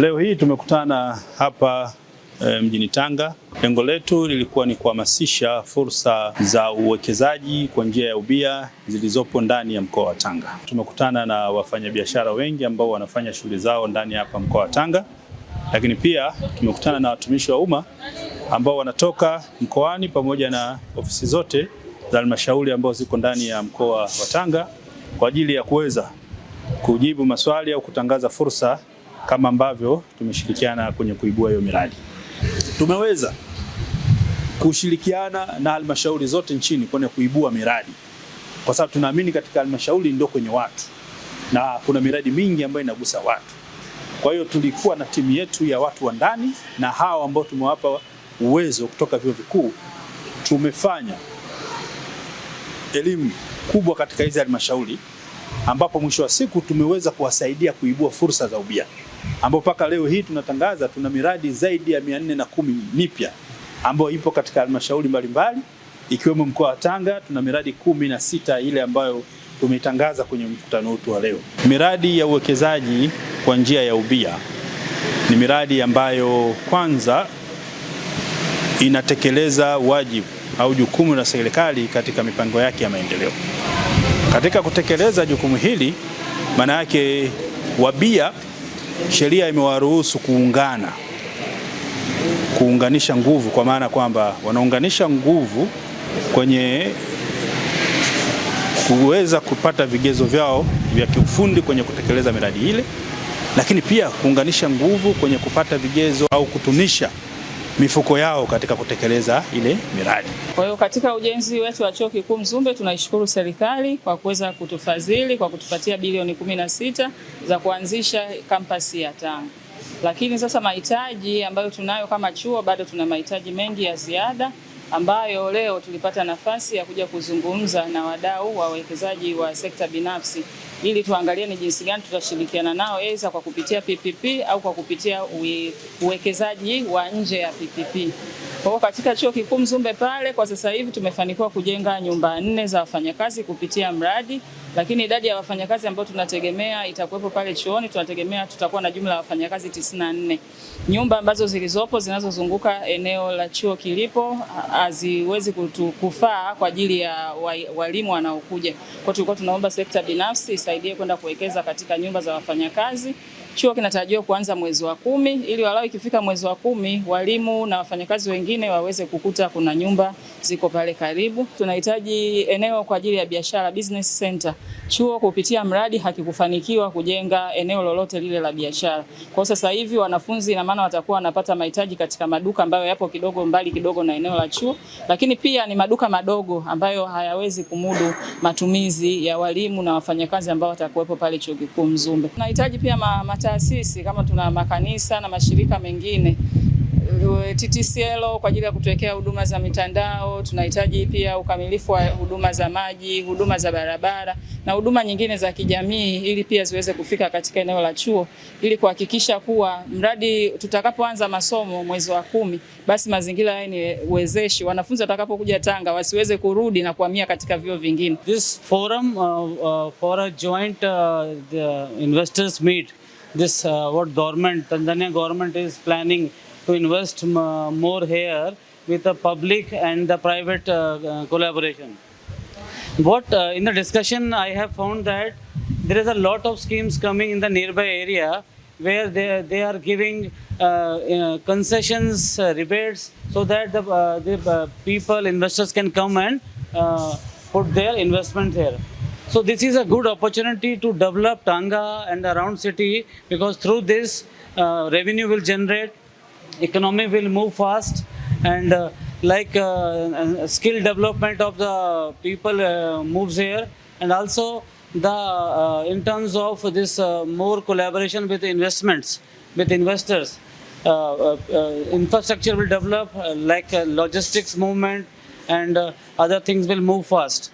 Leo hii tumekutana hapa e, mjini Tanga. Lengo letu lilikuwa ni kuhamasisha fursa za uwekezaji kwa njia ya ubia zilizopo ndani ya mkoa wa Tanga. Tumekutana na wafanyabiashara wengi ambao wanafanya shughuli zao ndani hapa mkoa wa Tanga, lakini pia tumekutana na watumishi wa umma ambao wanatoka mkoani pamoja na ofisi zote za halmashauri ambazo ziko ndani ya mkoa wa Tanga kwa ajili ya kuweza kujibu maswali au kutangaza fursa kama ambavyo tumeshirikiana kwenye kuibua hiyo miradi. Tumeweza kushirikiana na halmashauri zote nchini kwenye kuibua miradi, kwa sababu tunaamini katika halmashauri ndio kwenye watu na kuna miradi mingi ambayo inagusa watu. Kwa hiyo tulikuwa na timu yetu ya watu wa ndani na hao ambao tumewapa uwezo kutoka vyuo vikuu, tumefanya elimu kubwa katika hizi halmashauri ambapo mwisho wa siku tumeweza kuwasaidia kuibua fursa za ubia, ambapo mpaka leo hii tunatangaza tuna miradi zaidi ya mia nne na kumi mipya ambayo ipo katika halmashauri mbalimbali ikiwemo mkoa wa Tanga. Tuna miradi kumi na sita ile ambayo tumetangaza kwenye mkutano wetu wa leo. Miradi ya uwekezaji kwa njia ya ubia ni miradi ambayo kwanza inatekeleza wajibu au jukumu la serikali katika mipango yake ya maendeleo. Katika kutekeleza jukumu hili, maana yake wabia, sheria imewaruhusu kuungana, kuunganisha nguvu, kwa maana kwamba wanaunganisha nguvu kwenye kuweza kupata vigezo vyao vya kiufundi kwenye kutekeleza miradi ile, lakini pia kuunganisha nguvu kwenye kupata vigezo au kutunisha mifuko yao katika kutekeleza ile miradi. Kwa hiyo katika ujenzi wetu wa Chuo Kikuu Mzumbe tunaishukuru serikali kwa kuweza kutufadhili kwa kutupatia bilioni 16 za kuanzisha kampasi ya Tanga. Lakini sasa mahitaji ambayo tunayo kama chuo, bado tuna mahitaji mengi ya ziada ambayo leo tulipata nafasi ya kuja kuzungumza na wadau wa wawekezaji wa sekta binafsi ili tuangalie ni jinsi gani tutashirikiana nao aidha kwa kupitia PPP au kwa kupitia uwekezaji wa nje ya PPP. Kwa katika Chuo Kikuu Mzumbe pale kwa sasa hivi tumefanikiwa kujenga nyumba nne za wafanyakazi kupitia mradi lakini idadi ya wafanyakazi ambao tunategemea itakuwepo pale chuoni, tunategemea tutakuwa na jumla ya wafanyakazi 94. Nyumba ambazo zilizopo zinazozunguka eneo la chuo kilipo haziwezi kufaa kwa ajili ya walimu wanaokuja. Kwa tulikuwa tunaomba sekta binafsi isaidie kwenda kuwekeza katika nyumba za wafanyakazi Chuo kinatarajiwa kuanza mwezi wa kumi ili walau ikifika mwezi wa kumi walimu na wafanyakazi wengine waweze kukuta kuna nyumba ziko pale karibu. Tunahitaji eneo kwa ajili ya biashara, business center. Chuo kupitia mradi hakikufanikiwa kujenga eneo lolote lile la biashara. Kwa sasa hivi wanafunzi, na maana watakuwa wanapata mahitaji katika maduka ambayo yapo kidogo mbali kidogo na eneo la chuo, lakini pia ni maduka madogo ambayo hayawezi kumudu matumizi ya walimu na wafanyakazi ambao watakuwepo pale chuo kikuu Mzumbe. Tunahitaji pia ma taasisi kama tuna makanisa na mashirika mengine eh, TTCL kwa ajili ya kutuwekea huduma za mitandao. Tunahitaji pia ukamilifu wa huduma za maji, huduma za barabara na huduma nyingine za kijamii, ili pia ziweze kufika katika eneo la chuo, ili kuhakikisha kuwa mradi tutakapoanza masomo mwezi wa kumi, basi mazingira haya ni wezeshi, wanafunzi watakapokuja Tanga wasiweze kurudi na kuhamia katika vyuo vingine. This forum uh, uh, for a joint uh, the investors meet this uh, what government Tanzania government is planning to invest more here with the public and the private uh, uh, collaboration. What uh, in the discussion I have found that there is a lot of schemes coming in the nearby area where they, they are giving uh, uh, concessions, uh, rebates so that the, uh, the uh, people, investors can come and uh, put their investment there. So this is a good opportunity to develop Tanga and around city because through this uh, revenue will generate, economy will move fast and uh, like uh, uh, skill development of the people uh, moves here and also the uh, in terms of this uh, more collaboration with investments with investors uh, uh, uh, infrastructure will develop uh, like uh, logistics movement and uh, other things will move fast